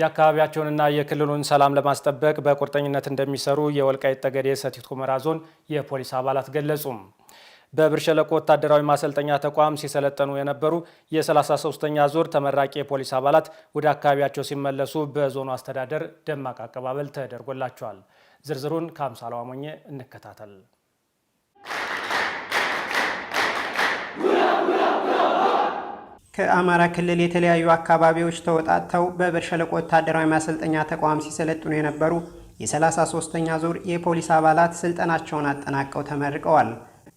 የአካባቢያቸውንና የክልሉን ሰላም ለማስጠበቅ በቁርጠኝነት እንደሚሰሩ የወልቃይት ጠገዴ ሰቲት ሁመራ ዞን የፖሊስ አባላት ገለጹም። በብር ሸለቆ ወታደራዊ ማሰልጠኛ ተቋም ሲሰለጠኑ የነበሩ የ33ኛ ዙር ተመራቂ የፖሊስ አባላት ወደ አካባቢያቸው ሲመለሱ በዞኑ አስተዳደር ደማቅ አቀባበል ተደርጎላቸዋል። ዝርዝሩን ከአምሳላ ሞኜ እንከታተል። ከአማራ ክልል የተለያዩ አካባቢዎች ተወጣጥተው በብር ሸለቆ ወታደራዊ ማሰልጠኛ ተቋም ሲሰለጥኑ የነበሩ የ33ኛ ዙር የፖሊስ አባላት ስልጠናቸውን አጠናቀው ተመርቀዋል።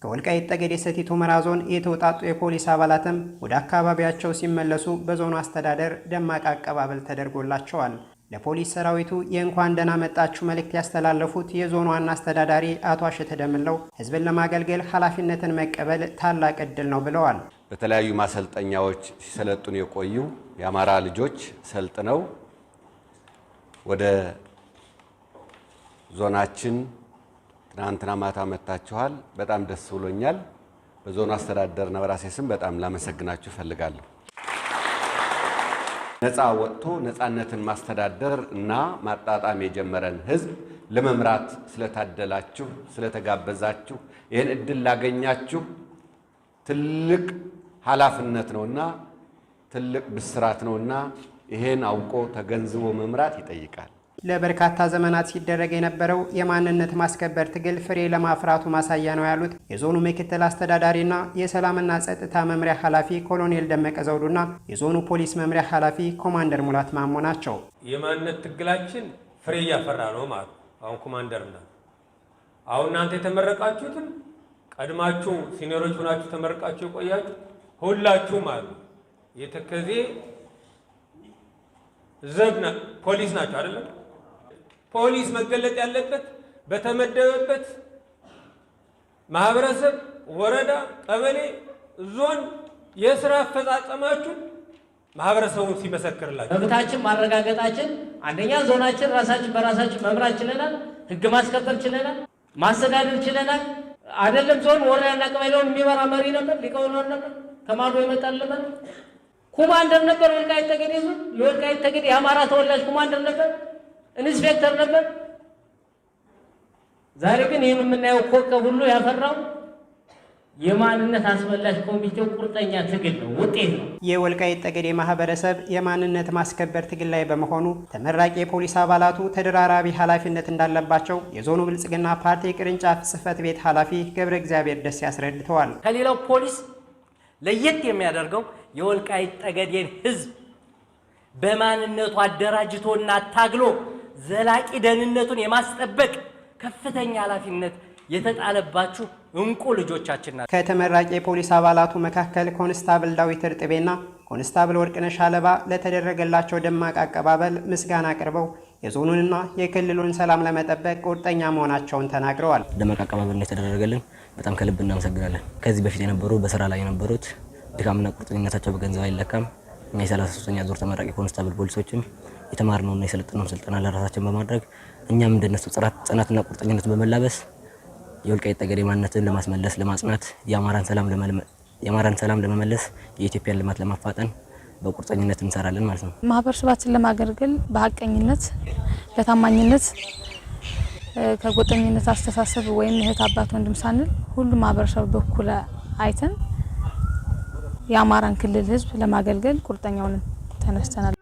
ከወልቃይት ጠገዴ ሰቲት ሁመራ ዞን የተውጣጡ የፖሊስ አባላትም ወደ አካባቢያቸው ሲመለሱ በዞኑ አስተዳደር ደማቅ አቀባበል ተደርጎላቸዋል። ለፖሊስ ሰራዊቱ የእንኳን ደህና መጣችሁ መልእክት ያስተላለፉት የዞኑ ዋና አስተዳዳሪ አቶ አሸተ ደምለው ሕዝብን ለማገልገል ኃላፊነትን መቀበል ታላቅ ዕድል ነው ብለዋል። በተለያዩ ማሰልጠኛዎች ሲሰለጥኑ የቆዩ የአማራ ልጆች ሰልጥነው ወደ ዞናችን ትናንትና ማታ መጥታችኋል። በጣም ደስ ብሎኛል። በዞኑ አስተዳደርና በራሴ ስም በጣም ላመሰግናችሁ እፈልጋለሁ። ነፃ ወጥቶ ነፃነትን ማስተዳደር እና ማጣጣም የጀመረን ህዝብ ለመምራት ስለታደላችሁ፣ ስለተጋበዛችሁ፣ ይህን እድል ላገኛችሁ ትልቅ ኃላፊነት ነውና ትልቅ ብስራት ነውና ይሄን አውቆ ተገንዝቦ መምራት ይጠይቃል። ለበርካታ ዘመናት ሲደረግ የነበረው የማንነት ማስከበር ትግል ፍሬ ለማፍራቱ ማሳያ ነው ያሉት የዞኑ ምክትል አስተዳዳሪና የሰላምና ጸጥታ መምሪያ ኃላፊ ኮሎኔል ደመቀ ዘውዱና የዞኑ ፖሊስ መምሪያ ኃላፊ ኮማንደር ሙላት ማሞ ናቸው። የማንነት ትግላችን ፍሬ እያፈራ ነው ማለት አሁን ና አሁን እናንተ የተመረቃችሁትን ቀድማችሁ ሲኒሮች ሆናችሁ ተመረቃችሁ የቆያችሁ ሁላችሁም አሉ የተከዜ ዘብ ፖሊስ ናቸው አይደለም። ፖሊስ መገለጥ ያለበት በተመደበበት ማህበረሰብ፣ ወረዳ፣ ቀበሌ፣ ዞን የስራ አፈጻጸማችሁ ማህበረሰቡን ሲመሰክርላችሁ መብታችን ማረጋገጣችን አንደኛ ዞናችን ራሳችን በራሳችን መምራት ችለናል። ህግ ማስከበር ችለናል። ማስተዳደር ችለናል። አይደለም ዞን ወረዳና ቀበሌውን የሚመራ መሪ ነበር፣ ሊቀውን ነበር። ከማዶ ይመጣል። ኮማንደር ነበር ወልቃይት ጠገዴ። የወልቃይት ጠገዴ የአማራ ተወላጅ ኮማንደር ነበር፣ ኢንስፔክተር ነበር። ዛሬ ግን ይህን የምናየው ኮከብ ሁሉ ያፈራው የማንነት አስመላሽ ኮሚቴው ቁርጠኛ ትግል ነው ውጤት ነው። የወልቃይት ጠገዴ ማህበረሰብ የማንነት ማስከበር ትግል ላይ በመሆኑ ተመራቂ የፖሊስ አባላቱ ተደራራቢ ኃላፊነት እንዳለባቸው የዞኑ ብልጽግና ፓርቲ ቅርንጫፍ ጽህፈት ቤት ኃላፊ ገብረ እግዚአብሔር ደስ ያስረድተዋል። ከሌላው ፖሊስ ለየት የሚያደርገው የወልቃይት ጠገዴን ህዝብ በማንነቱ አደራጅቶና ታግሎ ዘላቂ ደህንነቱን የማስጠበቅ ከፍተኛ ኃላፊነት የተጣለባችሁ እንቁ ልጆቻችን ናቸው። ከተመራቂ የፖሊስ አባላቱ መካከል ኮንስታብል ዳዊት እርጥቤና ኮንስታብል ወርቅነሽ አለባ ለተደረገላቸው ደማቅ አቀባበል ምስጋና አቅርበው የዞኑንና የክልሉን ሰላም ለመጠበቅ ቁርጠኛ መሆናቸውን ተናግረዋል። ደመቅ አቀባበል እንደተደረገልን በጣም ከልብ እናመሰግናለን። ከዚህ በፊት የነበሩ በስራ ላይ የነበሩት ድካምና ቁርጠኝነታቸው በገንዘብ አይለካም። እኛ የሰላሳ ሶስተኛ ዙር ተመራቂ ኮንስታብል ፖሊሶችም የተማርነውና የሰለጠነውን ስልጠና ለራሳችን በማድረግ እኛም እንደነሱ ጽናትና ቁርጠኝነትን በመላበስ የወልቃይት ጠገዴ ማንነትን ለማስመለስ ለማጽናት፣ የአማራን ሰላም ለመመለስ፣ የኢትዮጵያን ልማት ለማፋጠን በቁርጠኝነት እንሰራለን ማለት ነው። ማህበረሰባችን ለማገልገል በሀቀኝነት፣ በታማኝነት ከጎጠኝነት አስተሳሰብ ወይም እህት አባት ወንድም ሳንል ሁሉ ማህበረሰብ በኩል አይተን የአማራን ክልል ህዝብ ለማገልገል ቁርጠኛውን ተነስተናል።